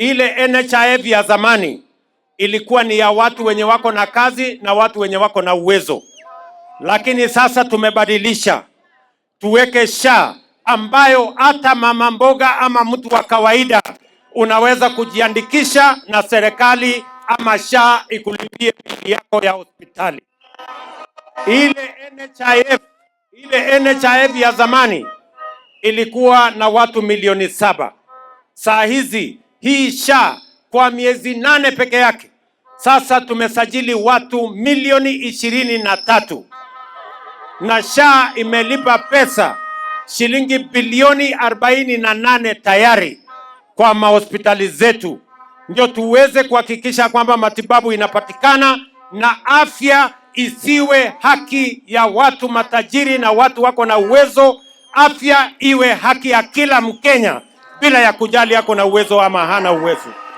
Ile NHIF ya zamani ilikuwa ni ya watu wenye wako na kazi na watu wenye wako na uwezo, lakini sasa tumebadilisha, tuweke SHA ambayo hata mama mboga ama mtu wa kawaida unaweza kujiandikisha na serikali ama SHA ikulipie bili yako ya hospitali. Ile NHIF, ile NHIF ya zamani ilikuwa na watu milioni saba. Saa hizi hii SHA kwa miezi nane peke yake, sasa tumesajili watu milioni ishirini na tatu na SHA imelipa pesa shilingi bilioni arobaini na nane tayari kwa mahospitali zetu, ndio tuweze kuhakikisha kwamba matibabu inapatikana na afya isiwe haki ya watu matajiri na watu wako na uwezo. Afya iwe haki ya kila Mkenya bila ya kujali yako na uwezo ama hana uwezo.